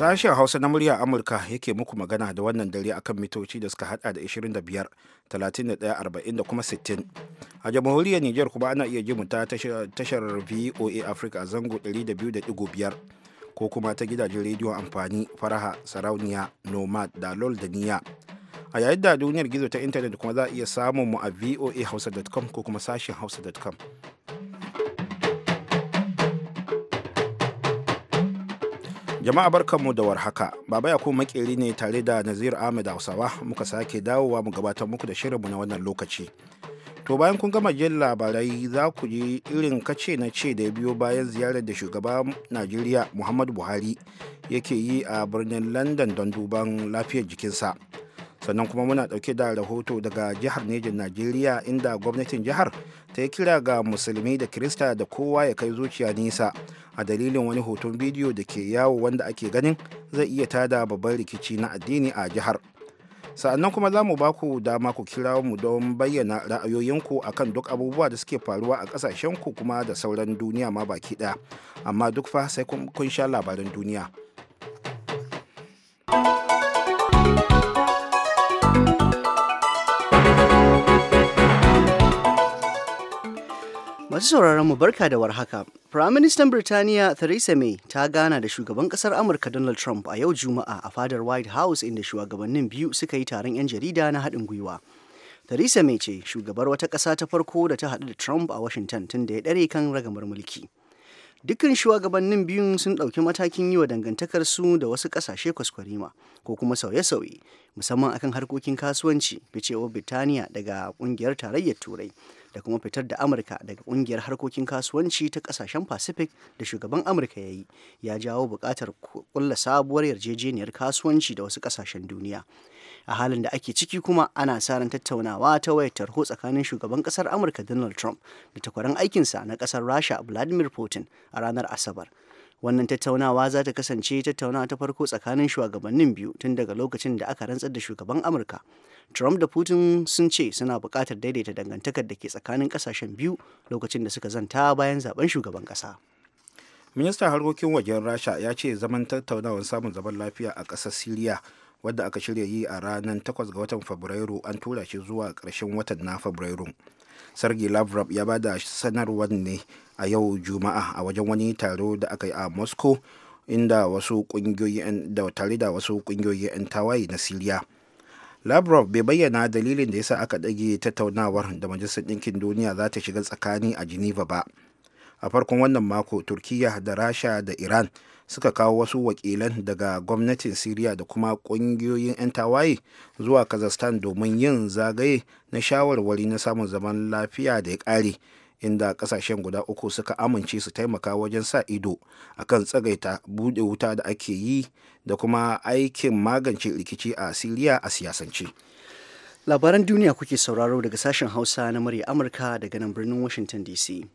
Sashen Hausa na murya Amurka yake muku magana da wannan dare akan mitoci da suka hada da 25, 31, 40 da kuma 60. A jamhuriyar Nijar kuma ana iya jimu ta tashar VOA Africa a zango 200.5 ko kuma ta gidajen rediyon amfani faraha sarauniya nomad da lol da niya. A yayin da duniyar gizo ta intanet kuma za a iya samun mu a voahausa.com ko kuma sashen hausa.com. Jama'a barkanmu da warhaka. Baba kuma makeri ne tare da Nazir Ahmed Hausawa muka sake dawowa mu gabatar muku da shirinmu na wannan lokaci. To bayan kun gama jin labarai za ku yi irin kace na ce da ya biyo bayan ziyarar da shugaban Najeriya Muhammadu Buhari yake yi a birnin London don duban lafiyar jikinsa. sannan kuma muna dauke da rahoto daga jihar Nejin Najeriya inda gwamnatin jihar ta yi kira ga musulmi da kirista da kowa ya kai zuciya nisa a dalilin wani hoton bidiyo da ke yawo wanda ake ganin zai iya tada babban rikici na addini a jihar. sa'annan kuma za mu ba ku dama ku kira mu don bayyana ra'ayoyinku akan duk abubuwa da suke faruwa a ƙasashenku kuma da sauran duniya ma baki ɗaya amma duk fa sai kun sha labaran duniya. Masu sauraron mu barka da warhaka. Firaministan Birtaniya Theresa May ta gana da shugaban kasar Amurka Donald Trump a yau Juma'a a fadar White House inda shugabannin biyu suka yi taron 'yan jarida na haɗin gwiwa. Theresa May ce shugabar wata ƙasa ta farko da ta haɗu da Trump a Washington tun da ya ɗare kan ragamar mulki. Dukkan shugabannin biyun sun ɗauki matakin yi wa dangantakar su da wasu ƙasashe kwaskwarima ko kuma sauye-sauye musamman akan harkokin kasuwanci ficewar Birtaniya daga ƙungiyar tarayyar Turai. da kuma fitar da amurka daga kungiyar harkokin kasuwanci ta kasashen pacific da shugaban amurka ya yi ya jawo buƙatar kulla sabuwar yarjejeniyar kasuwanci da wasu kasashen duniya a halin da ake ciki kuma ana sa ran tattaunawa ta wayar tarho tsakanin shugaban kasar amurka donald trump da takwaran aikinsa na kasar rasha vladimir putin a ranar asabar wannan tattaunawa za ta kasance tattaunawa ta farko tsakanin shugabannin biyu tun daga lokacin da aka rantsar da shugaban amurka trump da putin sun ce suna buƙatar daidaita dangantakar da ke tsakanin ƙasashen biyu lokacin da suka zanta bayan zaben shugaban ƙasa ministan harkokin wajen rasha ya ce zaman tattaunawar samun zaman lafiya a ƙasar siriya wadda aka shirya yi a ranar 8 ga watan fabrairu an tura shi zuwa ƙarshen watan na fabrairu sargi lavrov ya ba da sanarwar ne a yau juma'a a wajen wani taro da aka yi a moscow inda wasu kungiyoyi da tare da wasu kungiyoyi 'yan tawaye na siriya labrov bai bayyana dalilin da yasa aka ɗage tattaunawar da majalisar ɗinkin duniya za ta shiga tsakani a geneva ba a farkon wannan mako turkiya da rasha da iran suka kawo wasu wakilan daga gwamnatin siriya da kuma ƙungiyoyin 'yan tawaye zuwa kazakhstan domin yin zagaye na shawarwari na samun zaman lafiya da ya ƙare inda kasashen guda uku suka amince su taimaka wajen sa ido a kan tsagaita bude wuta da ake yi da kuma aikin magance rikici a siriya a siyasance labaran duniya kuke sauraro daga sashen hausa na murya amurka daga nan birnin washington dc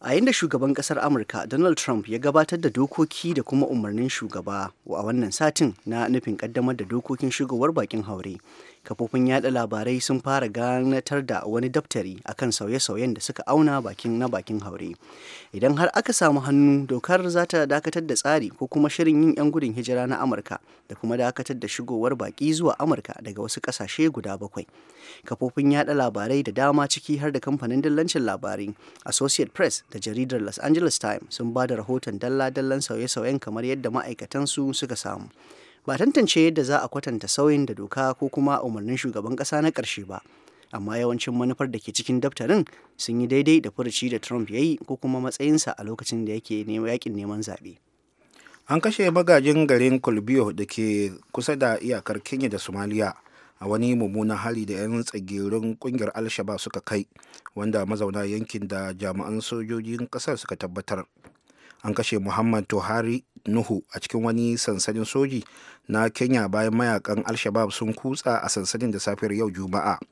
a yayin da shugaban kasar amurka donald trump ya gabatar da dokoki da kuma umarnin shugaba a wannan satin na nufin kaddamar da dokokin shigowar bakin haure kafofin yada labarai sun fara ganatar da wani daftari akan sauye-sauyen da suka auna bakin na bakin haure idan har aka samu hannu dokar za ta dakatar da tsari ko kuma shirin yin 'yan gudun hijira na amurka da kuma dakatar da shigowar baki zuwa amurka daga wasu kasashe guda bakwai kafofin yada labarai da dama ciki har da kamfanin dallancin labarai associate press da jaridar los angeles times sun ba da rahoton dalla-dallan sauye-sauyen kamar yadda ma'aikatansu suka samu ba tantance yadda za a kwatanta sauyin da doka ko kuma umarnin shugaban ƙasa na ƙarshe ba amma yawancin manufar da ke cikin daftarin sun yi daidai da furuci da trump ya yi ko kuma matsayinsa a lokacin da yake yakin neman zaɓe an kashe magajin garin kolbiyo da ke kusa da iyakar kenya da somaliya a wani mummunan hari da 'yan tsagerun kungiyar alshaba suka kai wanda mazauna yankin da jami'an sojojin kasar suka tabbatar an kashe muhammad tohari nuhu a cikin wani sansanin soji na kenya bayan mayakan al-shabab sun kutsa a sansanin da safiyar yau juma'a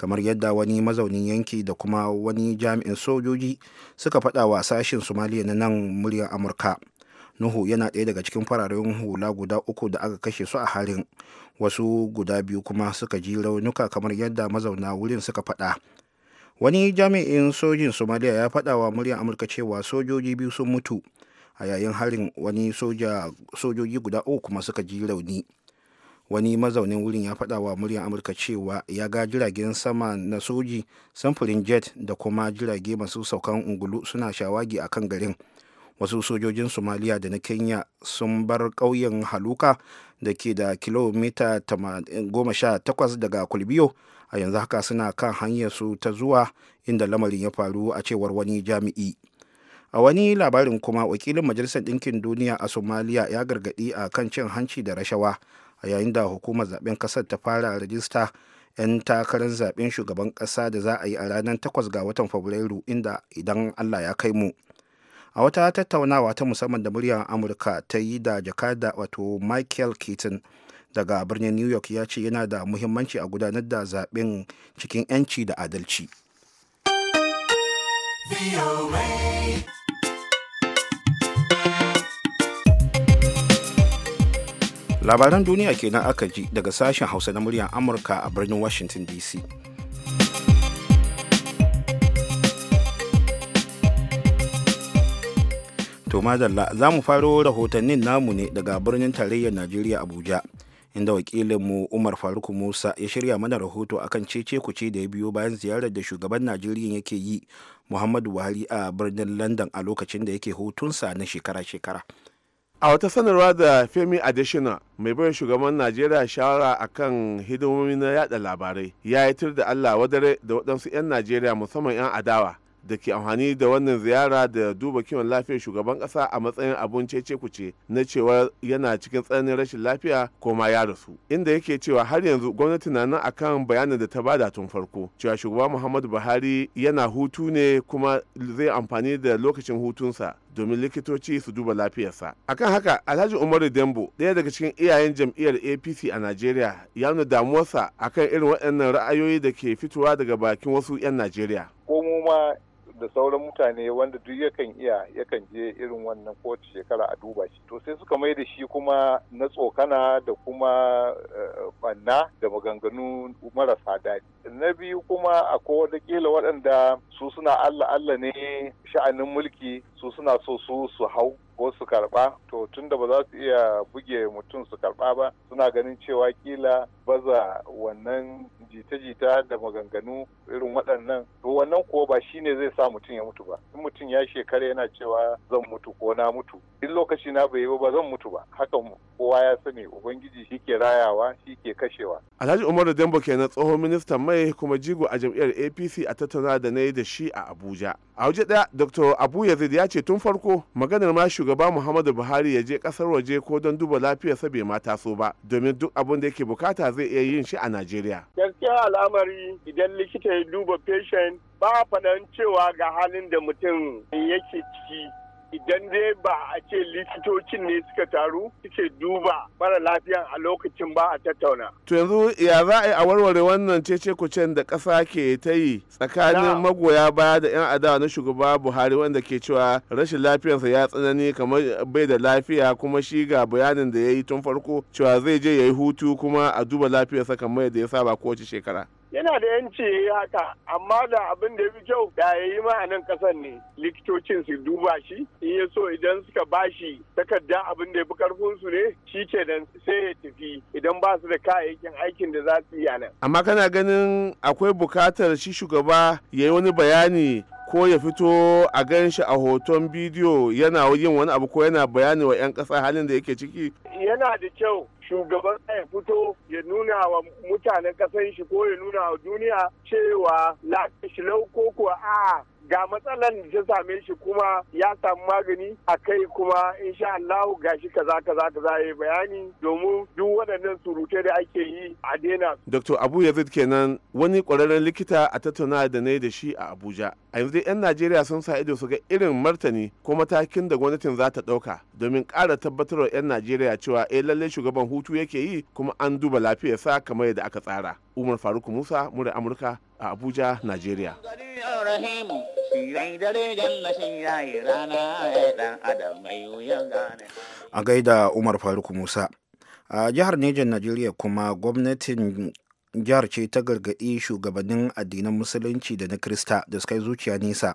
kamar yadda wani mazaunin yanki da kuma wani jami'in sojoji suka faɗa wa sashen somaliya na nan muryar amurka nuhu yana ɗaya daga cikin fararen hula guda uku da aka kashe su a halin wasu guda biyu kuma suka ji raunuka kamar yadda mazauna wurin suka fada. wani jami'in sojin somaliya ya faɗa wa muryar amurka cewa sojoji biyu sun mutu a yayin harin wani sojoji guda uku kuma suka ji rauni wani mazaunin wurin ya faɗa wa muryar amurka cewa ya ga jiragen sama na soji samfurin jet da kuma jirage masu saukan ungulu suna shawagi a kan garin wasu sojojin somaliya da na kenya sun bar ƙauyen haluka da ke da kilomita 18 daga kulbiyo a yanzu haka suna kan hanyar su ta zuwa inda lamarin ya faru a cewar wani jami'i a wani labarin kuma wakilin majalisar ɗinkin duniya a somaliya ya gargaɗi a kan cin hanci da rashawa a yayin da hukumar zaben ƙasar ta fara rajista 'yan takarar zaben shugaban ƙasa da za a yi a ranar 8 ga watan fabrairu inda idan allah ya kai mu a wata tattaunawa ta musamman da muryar amurka ta yi da jakada wato michael keaton daga birnin new york ya ce yana da muhimmanci a gudanar da zaben cikin 'yanci da adalci labaran duniya kenan aka ji daga sashen hausa na muryar amurka a birnin washington dc To mazalla za mu faro rahotannin namu ne daga birnin tarayyar Najeriya Abuja inda wakilinmu Umar Faruk Musa ya shirya mana rahoto akan cece kuce da ya biyo bayan ziyarar da shugaban Najeriya yake yi Muhammadu Buhari a birnin London a lokacin da yake hutunsa na shekara-shekara. a wata sanarwa da femi adesina mai bayan shugaban najeriya shawara akan hidimomi na yada labarai ya yi tur da allah wadare da waɗansu 'yan najeriya musamman 'yan adawa da ke amfani da wannan ziyara da duba kiwon lafiyar shugaban kasa a matsayin abun cece kuce na cewa yana cikin tsananin rashin lafiya ko ma ya rasu inda yake cewa har yanzu gwamnati na nan akan bayanin da ta bada tun farko cewa shugaban muhammadu buhari yana hutu ne kuma zai amfani da lokacin hutunsa domin likitoci su duba lafiyarsa akan haka alhaji umaru dembo ɗaya daga cikin iyayen jam'iyyar apc a najeriya ya nuna damuwarsa akan irin waɗannan ra'ayoyi da ke fitowa daga bakin wasu 'yan najeriya ko mu ma da sauran mutane wanda duk yakan iya yakan je irin wannan kowace shekara a duba shi to sai suka mai da shi kuma na tsokana da kuma banna eh, da maganganu marasa daɗi na biyu kuma akwai wata kila waɗanda su suna allah allah ne sha'anin mulki su suna so su su hau ko su karɓa to tun da ba za su iya buge mutum su karɓa ba suna ganin cewa kila baza wannan jita-jita da maganganu irin waɗannan to wannan kuwa ba shi ne zai sa mutum ya mutu ba in mutum ya shekara yana cewa zan mutu ko na mutu in lokaci na bai yi ba zan mutu ba hakan kowa ya sani ubangiji shi ke rayawa shi ke kashewa alhaji umaru dembo kenan tsohon ministan mai kuma jigo a jam'iyyar apc a tattauna da na yi da shi a abuja a waje ɗaya dr abu yazid ya ce tun farko maganar ma shugaba muhammadu buhari ya je kasar waje ko don duba lafiyarsa bai ma taso ba domin duk abin da yake bukata zai iya yin shi a najeriya gaskiya al'amari idan likita ya duba patient ba faɗan cewa ga halin da mutum yake ciki idan dai ba a ce likitocin ne suka taru suke duba mara lafiyan a lokacin ba a tattauna. To yanzu ya za a yi a warware wannan cece kucen da ƙasa ke ta yi tsakanin magoya baya da 'yan adawa na shugaba Buhari wanda ke cewa rashin lafiyarsa ya tsanani kamar bai da lafiya kuma shi ga bayanin da ya yi tun farko cewa zai je ya yi hutu kuma a duba lafiyarsa kamar yadda ya saba kowace shekara. yana da yanci ya yi haka amma da abin da ya fi kyau da ya yi ma'anin ƙasan ne likitocin su duba shi in ya so idan suka ba shi takarda abin da ya fi karfin ne shi ke dan sai ya tafi idan ba su da kayayyakin aikin da za su yi a nan. amma kana ganin akwai bukatar shi shugaba ya yi wani bayani ko ya fito a gan shi a hoton bidiyo yana yin wani abu ko yana bayani wa 'yan ƙasa halin da yake ciki? Yana da kyau shugaban ya fito ya nuna wa mutanen ƙasar shi ko ya nuna wa duniya cewa lafiya shi ko a ga matsalan da ta same shi kuma ya samu magani a kai kuma insha Allah ga shi kaza kaza kaza yayi bayani domin duk waɗannan surutai da ake yi a daina. Dr. Abu Yazid kenan wani ƙwararren likita a tattauna da ne da shi a Abuja. a yanzu 'yan najeriya sun sa ido su ga irin martani ko matakin da gwamnatin za ta ɗauka domin ƙara tabbatarwa 'yan najeriya cewa eh lalle shugaban hutu yake yi kuma an duba lafiyarsa kamar yadda aka tsara umar faruk musa mura amurka a abuja najeriya a gaida umar faruk musa a jihar Nijar Najeriya kuma gwamnatin jihar ce ta gargaɗi shugabannin addinan musulunci da na krista da suka yi zuciya nesa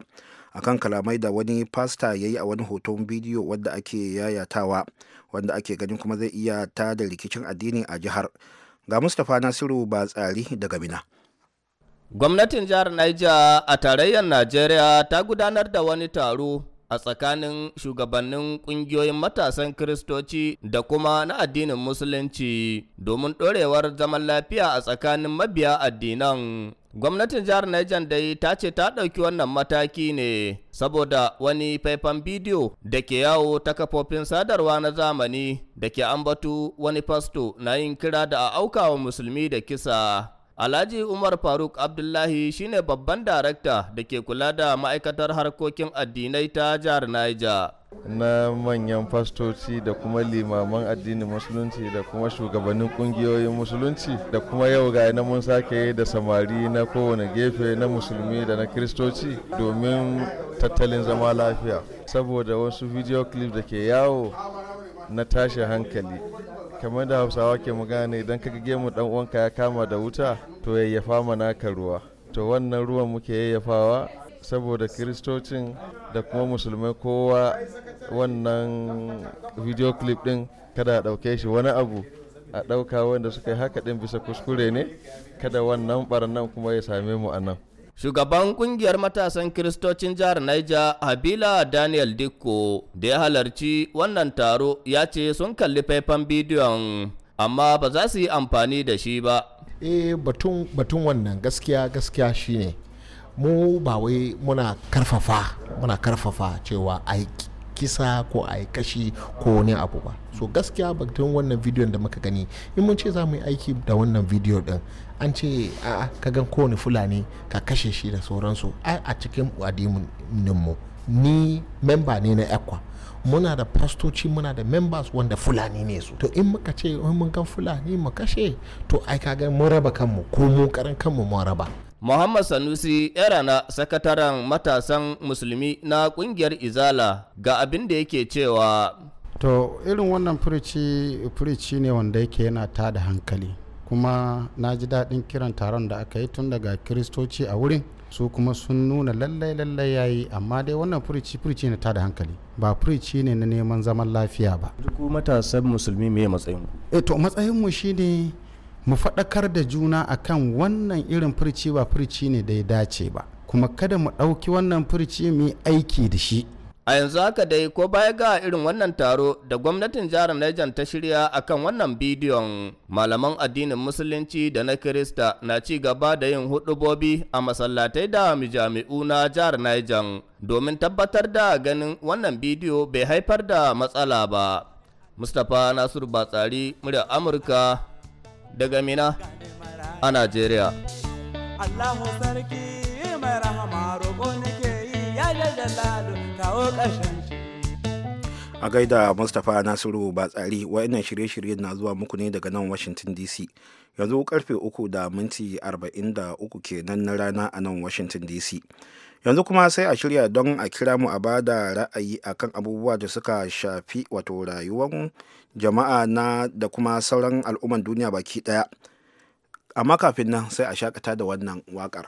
akan kalamai da wani fasta ya yi a wani hoton bidiyo wanda ake yayatawa wanda ake ganin kuma zai iya ta da rikicin addini a jihar ga mustapha nasiru ba tsari daga mina gwamnatin jihar niger a tarayyar najeriya ta gudanar da wani taro a tsakanin shugabannin ƙungiyoyin matasan Kiristoci da kuma na addinin Musulunci domin ɗorewar zaman lafiya a tsakanin mabiya addinan. Gwamnatin jihar Niger dai ta ce ta ɗauki wannan mataki ne saboda wani faifan bidiyo da ke yawo ta kafofin sadarwa na zamani da ke ambatu wani fasto na yin kira da a aukawa musulmi da kisa. Alhaji Umar Faruk Abdullahi shine babban darakta da ke kula da ma'aikatar harkokin addinai ta jihar Niger. Na manyan fastoci da kuma limaman addinin musulunci da kuma shugabannin kungiyoyin musulunci da kuma yau ga na mun sake da samari na kowane gefe na musulmi da na kiristoci domin tattalin zama lafiya. Saboda wasu video clip da ke yawo na tashi hankali kamar da hausawa ke magana ne idan kaga gemu dan uwanka ya kama da wuta to yayyafa mana ka ruwa to wannan ruwan muke yayyafawa saboda kiristocin da kuma musulmai kowa wannan video clip din kada a dauke shi wani abu a dauka wanda suka yi haka din bisa kuskure ne kada wannan barnan kuma ya same mu a nan Shugaban kungiyar matasan Kiristocin jihar Niger Habila Daniel Dikko da ya halarci wannan taro ya ce sun kalli faifan bidiyon amma ba za su yi amfani da shi ba. Eh batun wannan gaskiya gaskiya shine mu ba wai muna karfafa muna karfafa cewa aiki. kisa ko a yi kashi ko wani abu ba so gaskiya batun wannan bidiyon da muka gani in mun ce za mu yi aiki da wannan bidiyo din an ce a ka gan kowane fulani ka kashe shi da sauransu a cikin addininmu ni memba ne na ekwa muna da fastoci muna da members wanda fulani ne su to in muka ce mun kan fulani mu kashe to ai ka gan mun raba kanmu ko mu karan kanmu mun raba Muhammad Sanusi na sakataren matasan musulmi na kungiyar Izala ga abin da yake cewa to irin wannan furici furici ne wanda yake yana ta da hankali kuma na ji daɗin kiran taron da aka yi tun daga kiristoci a wurin su kuma sun nuna lallai lallai yayi amma dai wannan furici furici ne ta da hankali ba furici ne na neman zaman lafiya ba duk matasan musulmi me matsayin ku eh to matsayin mu shine mu faɗakar da juna akan wannan irin furici ba furici ne da ya dace ba kuma kada mu ɗauki wannan furici mu aiki da shi A yanzu haka dai ko baya ga irin wannan taro da gwamnatin jihar Niger ta shirya akan wannan bidiyon malaman addinin musulunci da na Kirista na ci gaba da yin hudubobi a masallatai da mijami'u na jihar Niger domin tabbatar da ganin wannan bidiyo bai haifar da matsala ba. Mustapha Nasiru Batsari murya Amurka daga Mina a Najeriya. Allahu sarki mai rahama roƙon a gaida mustapha nasiru batsari wa'annan shirye-shiryen na zuwa muku ne daga nan washington dc yanzu karfe 3 da minti 43 kenan na rana a nan washington dc yanzu kuma sai a shirya don a kira mu a ba da ra'ayi a kan abubuwa da suka shafi wato rayuwar jama'a na da kuma sauran al'umman duniya baki daya amma kafin nan sai a shakata da wannan waƙar.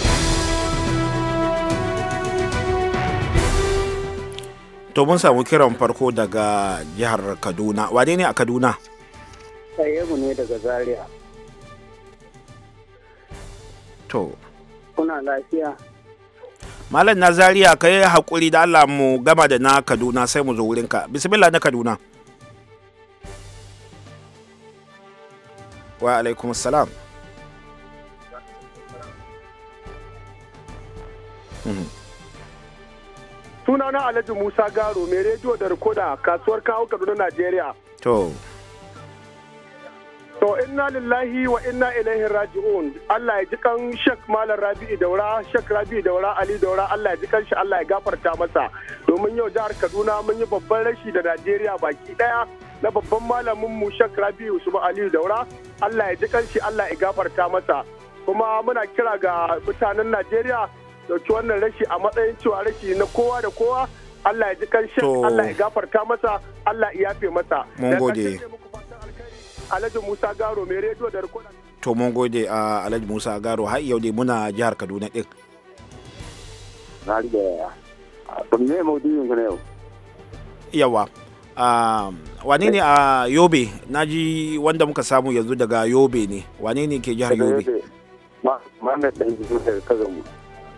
to mun samu kiran farko daga jihar kaduna wane ne a kaduna mu ne daga zaria to kuna lafiya malam na zaria ka yi haƙuri da allah mu gama da na kaduna sai mu zo wurinka bismillah na kaduna wa alaikum salam mm -hmm. suna na alhaji musa garo mai rediyo da rikoda kasuwar kawo kaduna najeriya to to inna lillahi wa inna ilaihi raji'un allah ya ji kan shek malam rabi'i daura shek rabi'i daura ali daura allah ya ji kan shi allah ya gafarta masa domin yau jihar kaduna mun yi babban rashi da najeriya baki daya na babban malamin mu shek rabi'u su ali daura allah ya ji kan shi allah ya gafarta masa kuma muna kira ga mutanen najeriya dauki wannan rashi a matsayin cewa rashi na kowa da kowa Allah ya ji kanshin Allah ya gafarta masa Allah ya yafe masa mun gode Alhaji Musa Garo mai rediyo da rikoda to mun gode a Alhaji Musa Garo har yau dai muna jihar Kaduna din na riga ban ne mu ku ne yau yawa wane ne a yobe na ji wanda muka samu yanzu daga yobe ne wane ne ke jihar yobe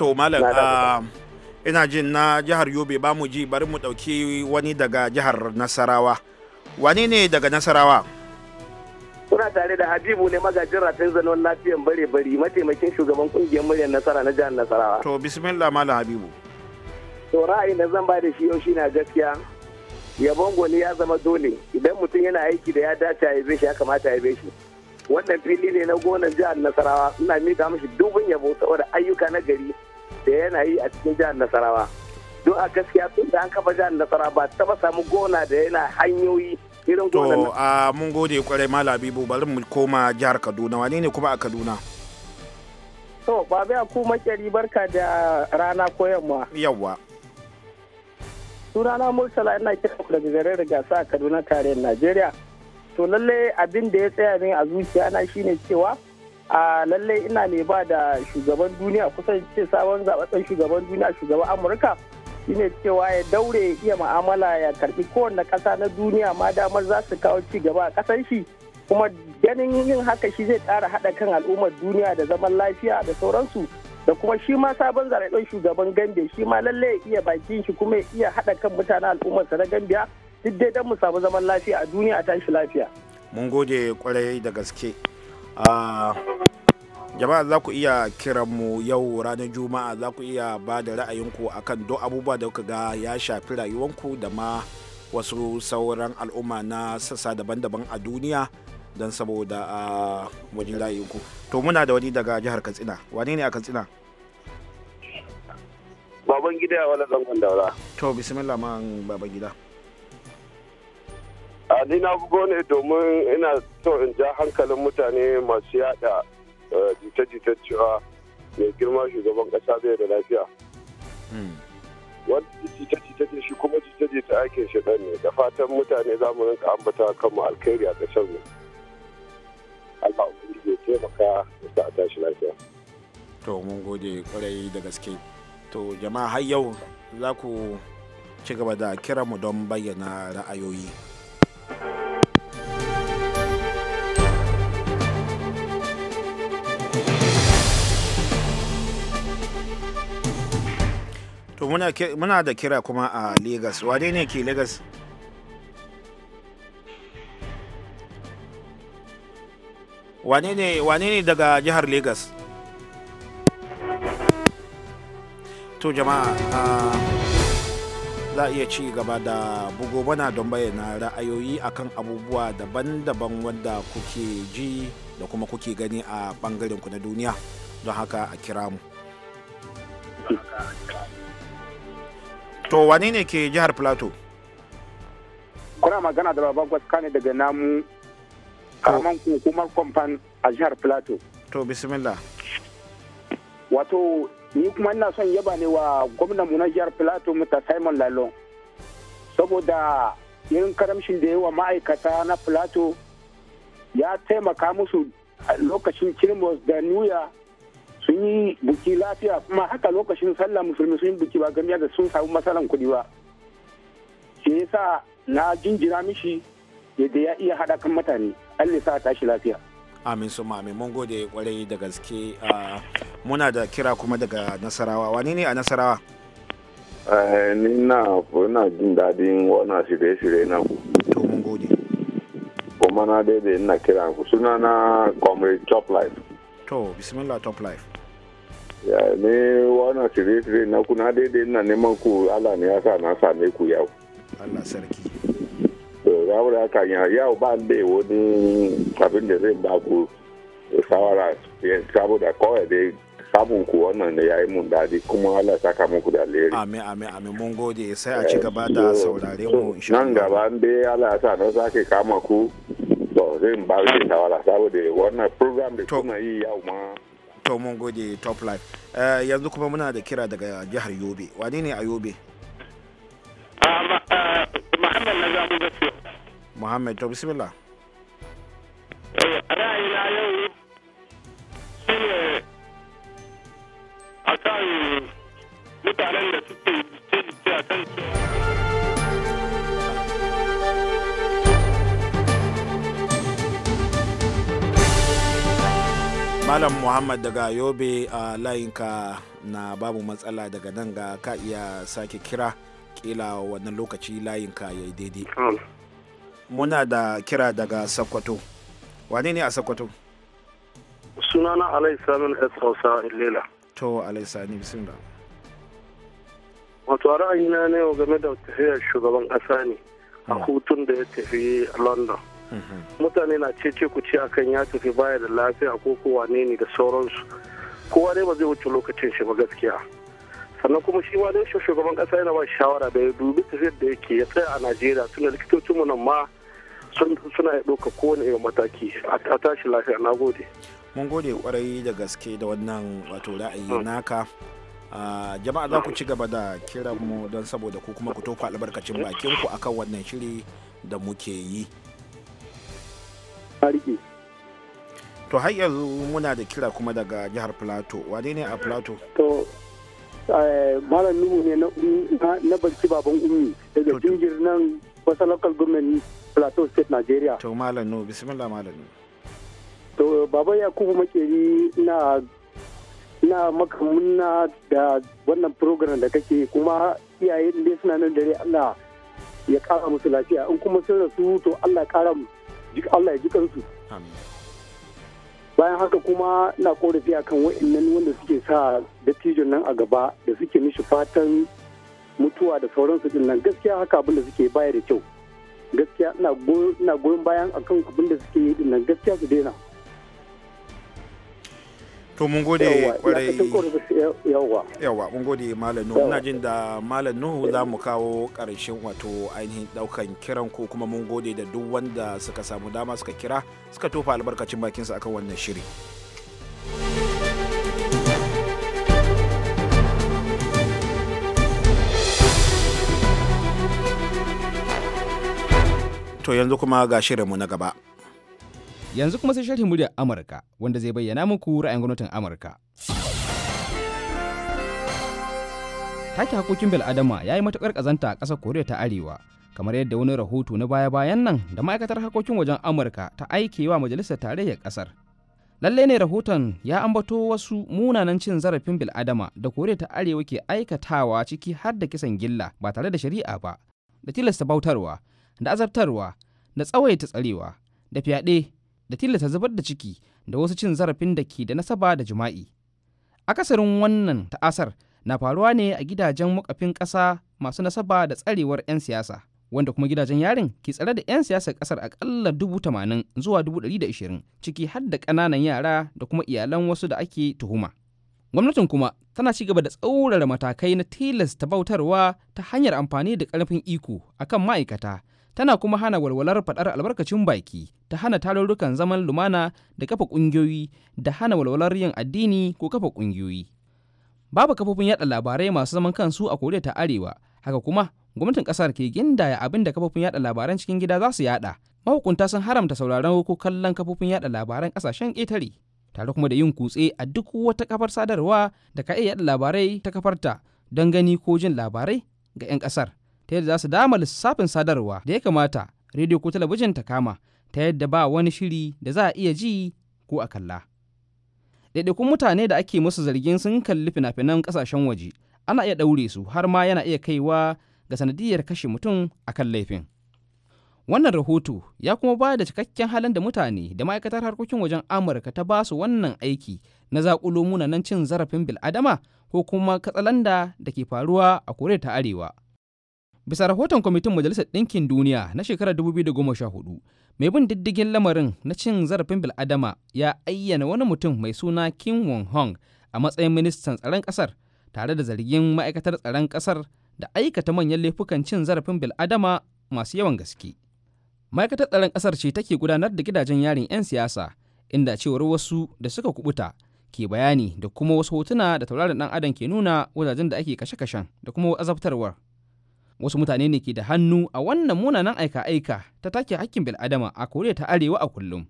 to malam ah, ina jin na jihar yobe ba mu ji bari mu ɗauki wani daga jihar nasarawa wani ne daga nasarawa kuna tare da habibu ne magajin ratin zanon lafiyan bare bari mataimakin shugaban kungiyar muryar nasara na jihar nasarawa to bismillah malam habibu to ra'ayi na zan ba da shi yau shi na gaskiya yabon gwani ya zama dole idan mutum yana aiki da ya dace a yabe shi ya kamata ya yabe shi wannan fili ne na gonar jihar nasarawa ina mika mishi dubin yabo saboda ayyuka na gari da yana yi a cikin jihar nasarawa don a gaskiya tun da an kafa jihar nasarawa ba taba samu gona da yana hanyoyi irin to a mun gode kwarai malabi bari mu koma jihar kaduna wani ne kuma a kaduna to ba bai ku makeri barka da rana ko yamma yawwa sunana murtala ina kira daga da gasa a kaduna tarayyar najeriya to lalle abin da ya tsaya min a zuciya na shine cewa a lallai ina ne ba da shugaban duniya kusan ce sabon zaɓaɓɓen shugaban duniya shugaban amurka shine cewa ya daure iya ma'amala ya karɓi kowane ƙasa na duniya ma damar za su kawo ci gaba a ƙasar shi kuma ganin yin haka shi zai ƙara haɗa kan al'ummar duniya da zaman lafiya da sauransu da kuma shi ma sabon zaɓaɓɓen shugaban gambia shi ma lalle iya bakin shi kuma iya haɗa kan mutanen al'ummarsa na gambia duk dai don mu samu zaman lafiya a duniya a tashi lafiya. mun gode kwarai da gaske. jama'a za ku iya kiran mu yau ranar juma'a za ku iya ba da ra'ayinku akan don abubuwa da kuka ga ya shafi rayuwanku da ma wasu sauran al'umma na sassa daban-daban a duniya don saboda a wajen ra'ayinku to muna da wani daga jihar katsina wani ne a katsina baban gida wala zangon daura to bismillah man baban gida ni na bugo ne domin ina so in ja hankalin mutane masu yada eh, jita-jita cewa mai girma shugaban kasa bai da lafiya. Hmm. wani jita-jita ce shi kuma jita-jita aikin shi ne da fatan mutane za mu rinka ambata mu alkhairi a ƙasar mu. Allah ubangiji ya taimaka ya sa a tashi lafiya. To mun gode kwarai da gaske. To jama'a har yau za ku ci gaba da kiranmu mu don bayyana ra'ayoyi. to muna da kira kuma a lagos wane ne ke lagos wane ne daga jihar lagos to jama'a ah, za a iya ci gaba da bugo bana don bayyana ra'ayoyi akan abubuwa daban-daban wanda kuke ji da kuma kuke gani a ku na duniya don haka a kira mu to wani ne ke jihar plato? kuna magana da baban gwaska ne daga namu kaman hukumar kwamfan a jihar plato to bismillah wato ni kuma ina son yaba ne wa gwamnan mu na jihar Plateau Mr. Simon Lalo saboda irin karamshin da yawa ma'aikata na Plateau ya taimaka musu lokacin Christmas da nuya sun yi buki lafiya kuma haka lokacin sallah musulmi sun yi buki ba gamiya da sun samu matsalan kuɗi ba shi yasa na jinjira mishi yadda ya iya haɗa kan mutane Allah sa tashi lafiya amin su amin mun gode kwarai da gaske ah, muna da kira kuma daga nasarawa wani ne a nasarawa eh, ni na na jin daɗin wannan shirye-shirye na ku to mun gode kuma na daidai ina kira ku suna na comrade top life to bismillah top life ya ne wannan shirye-shirye na ku na daidai ina neman ku ala ne ya sa na same ku yau Allah sarki saboda haka yau ba bai wani abin da zai ba ku shawara saboda kawai dai samun ku wannan da yayi mun dadi kuma Allah saka muku da alheri ami ami ami mun gode sai a ci gaba da saurare mu insha Allah nan gaba dai Allah sa na sake kama ku to zai ba ku shawara saboda wannan program da kuma yi yau ma to mun gode top life uh, yanzu kuma muna da kira daga jihar Yobe wani ne a Yobe ah, uh, Muhammad na zamu gaskiya Mohammed to bismillah yau shi ne a kan mutanen da suke ce a kan malam muhammad daga yobe a layinka na babu matsala daga nan ga ka iya sake kira kila wannan lokaci layinka ya yi daidai muna da kira daga Sokoto. Wane ne a Sokoto? Sunana Alai S. Hausa Ilela. To Alai bismillah. Wato ra'ayina ne game da tafiyar shugaban kasa ne a hmm. hutun da ya tafi London. Mhm. Mutane na cece ku ce akan ya tafi baya da lafiya ko kowa ne ne da sauransu. Kowa ne ba zai wuce lokacin shi ba gaskiya. sannan kuma shi wani shugaban kasa yana ba shawara da ya dubi tafiyar da yake ya tsaya a najeriya tunda likitocinmu nan ma suna ya ɗauka kowane irin mataki a tashi lafiya na gode mun gode kwarai da gaske da wannan wato ra'ayi hmm. naka jama'a za ku hmm. ci gaba da kiran mu don saboda ku kuma ku tofa albarkacin hmm. bakin ku akan wannan shiri da muke yi to har yanzu muna da kira kuma daga jihar Plato. wane ne a Plato? to eh, malam nuhu ne na barci baban ummi daga jingir nan wasu local government plateau state nigeria to malam nu bismillah malam nu to baba yakubu makeri na na maka da wannan program da kake kuma iyaye da suna nan dare Allah ya kara musu lafiya in kuma sun rasu to Allah kara mu Allah ya ji kansu bayan haka kuma na korafi akan wa'annan wanda suke sa dattijon nan a gaba da suke mishi fatan mutuwa da sauransu din nan gaskiya haka abin da suke baya da kyau gaskiya ina goyon bayan akan abin da suke yi dinnan gaskiya su daina to mun gode kwarai yawa mun gode malam nuhu ina jin da malam nuhu za mu kawo karshen wato ainihin daukan kiran ko kuma mun gode da duk wanda suka samu dama suka kira suka tofa albarkacin bakinsa akan wannan shiri. To yanzu kuma ga shirinmu na gaba. Yanzu kuma sai Amurka wanda zai bayyana muku ra'ayin gwamnatin Amurka. Take hakokin bil'adama ya yi matuƙar ƙazanta a ƙasar Koriya ta Arewa kamar yadda wani rahoto na baya-bayan nan da ma'aikatar hakokin wajen Amurka ta aikewa wa majalisar tarayyar ƙasar. Lallai ne rahoton ya ambato wasu munanan cin zarafin bil'adama da Koriya ta Arewa ke aikatawa ciki har da kisan gilla ba tare da shari'a ba da tilasta bautarwa da azabtarwa da tsawaita tsarewa da fyaɗe da tilasta zubar da ciki da wasu cin zarafin da ke da nasaba da jima'i akasarin wannan ta'asar na faruwa ne a gidajen mukafin ƙasa masu nasaba da tsarewar 'yan siyasa wanda kuma gidajen yarin ke tsare da 'yan siyasar ƙasar aƙalla dubu tamanin zuwa dubu ɗari da ashirin ciki har da ƙananan yara da kuma iyalan wasu da ake tuhuma gwamnatin kuma tana ci gaba da tsaurara matakai na tilasta bautarwa ta hanyar amfani da ƙarfin iko akan ma'aikata tana kuma hana walwalar faɗar albarkacin baki ta hana tarurrukan zaman lumana da kafa ƙungiyoyi da hana walwalar yin addini ko kafa ƙungiyoyi babu kafofin yaɗa labarai masu zaman kansu a koriya ta arewa haka kuma gwamnatin ƙasar ke gindaya abin da kafofin yaɗa labaran cikin gida za su yaɗa mahukunta sun haramta sauraron ko kallon kafofin yaɗa labaran ƙasashen ƙetare tare kuma da yin kutse a duk wata kafar sadarwa da ka iya yaɗa labarai ta kafarta don gani ko jin labarai ga 'yan ƙasar ta yadda za su dama lissafin sadarwa da ya kamata rediyo ko talabijin ta kama ta yadda ba wani shiri da za a iya ji ko a kalla. Ɗaiɗaikun mutane da ake musu zargin sun kalli fina-finan ƙasashen waje ana iya ɗaure su har ma yana iya kaiwa ga sanadiyar kashe mutum a kan laifin. Wannan rahoto ya kuma ba da cikakken halin da mutane da ma'aikatar harkokin wajen Amurka ta ba su wannan aiki na zaƙulo munanan cin zarafin bil'adama ko kuma katsalanda da ke faruwa a Koriya ta Arewa. bisa rahoton kwamitin majalisar ɗinkin duniya na shekarar 2014 mai bin diddigin lamarin na cin zarafin bil'adama ya ayyana wani mutum mai suna kim won hong a matsayin ministan tsaron kasar tare da zargin ma'aikatar tsaron kasar da aikata manyan laifukan cin zarafin bil'adama masu yawan gaske ma'aikatar tsaron ƙasar ce take gudanar da gidajen yarin 'yan siyasa inda cewar wasu da suka kubuta ke bayani da kuma wasu hotuna da tauraron ɗan adam ke nuna wajajen da ake kashe-kashen da kuma azabtarwar wasu mutane ne ke da hannu a wannan munanan aika-aika ta take hakkin bil'adama a koriya ta arewa a kullum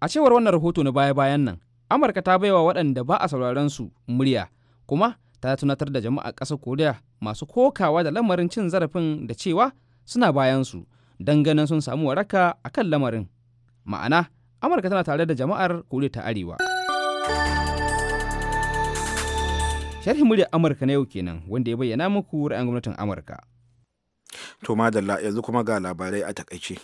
a cewar wannan rahoto na baya-bayan nan amurka ta baiwa waɗanda ba a sauraron su murya kuma ta tunatar da jama'a ƙasar koriya masu kokawa da lamarin cin zarafin da cewa suna bayan su don ganin sun samu waraka a kan lamarin ma'ana amurka tana tare da jama'ar koriya ta arewa sharhin muryar amurka na yau kenan wanda ya bayyana muku ra'ayin gwamnatin amurka to madalla yanzu kuma ga labarai a takaice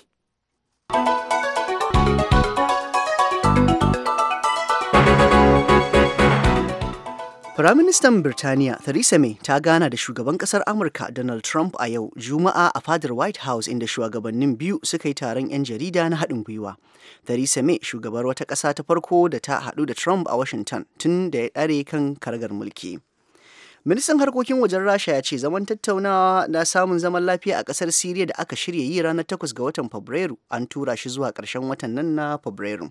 Firaministan Birtaniya Theresa May ta gana da shugaban kasar Amurka Donald Trump a yau Juma'a a fadar White House inda shugabannin biyu suka yi taron 'yan jarida na haɗin gwiwa. Theresa May shugabar wata ƙasa ta farko da ta haɗu da Trump a Washington tun da ya ɗare kan kargar mulki. ministan harkokin wajen rasha ya ce zaman tattaunawa na samun zaman lafiya a kasar siriya da aka shirya yi ranar takwas ga watan fabrairu an tura shi zuwa ƙarshen watan nan na fabrairu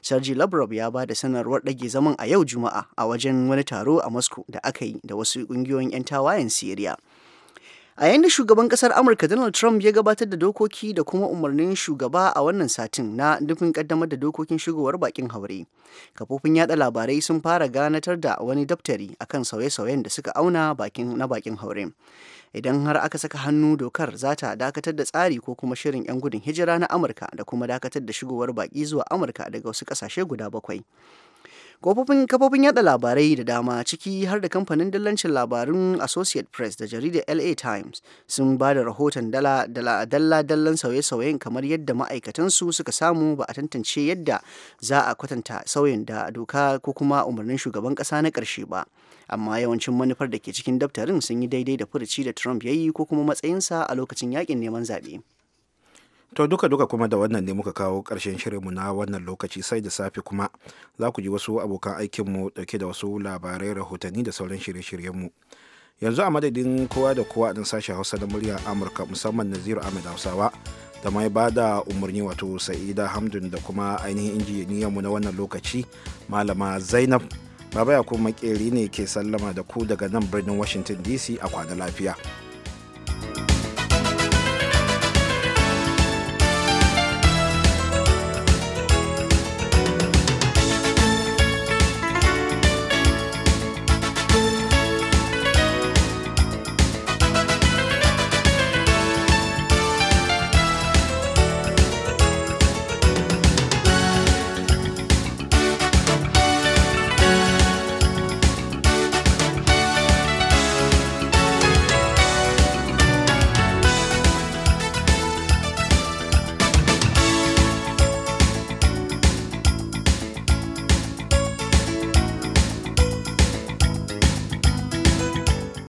sergi lavrov ya ba da sanarwar ɗage zaman a yau juma'a a wajen wani taro a moscow da aka yi da wasu ƙungiyoyin 'yan tawayen siriya a yayin da shugaban kasar amurka donald trump ya gabatar da dokoki da kuma umarnin shugaba a wannan satin na nufin kaddamar da dokokin shigowar bakin haure kafofin yada labarai sun fara ganatar da wani daftari akan sauye-sauyen da suka auna bakin na bakin haure idan har aka saka hannu dokar za ta dakatar da tsari ko kuma shirin 'yan gudun hijira na amurka da kuma dakatar da shigowar baki zuwa amurka daga wasu kasashe guda bakwai kafofin yada labarai da dama ciki har da kamfanin dillancin labarun associate press da jaridar la times sun ba da rahoton dalla-dallan sauye-sauyen kamar yadda ma'aikatansu suka samu ba a tantance yadda za a kwatanta sauyin da doka ko kuma umarnin shugaban ƙasa na karshe ba amma yawancin manufar da ke cikin daftarin sun yi daidai da furuci da trump ya yi ko kuma matsayinsa a lokacin yakin neman zaɓe. To duka-duka kuma da wannan ne muka kawo ƙarshen shirinmu na wannan lokaci sai da safe kuma za ku ji wasu abokan aikinmu dauke da wasu labarai rahotanni da sauran shirye-shiryenmu. Yanzu a madadin kowa da kowa ɗin sashen Hausa na muryar Amurka musamman Naziru Ahmed Hausawa da mai ba da umarni wato Sa'ida Hamdun da kuma ainihin mu na wannan lokaci Malama Zainab Baba Yakubu Makeri ne ke sallama da ku daga nan birnin Washington DC a kwana lafiya.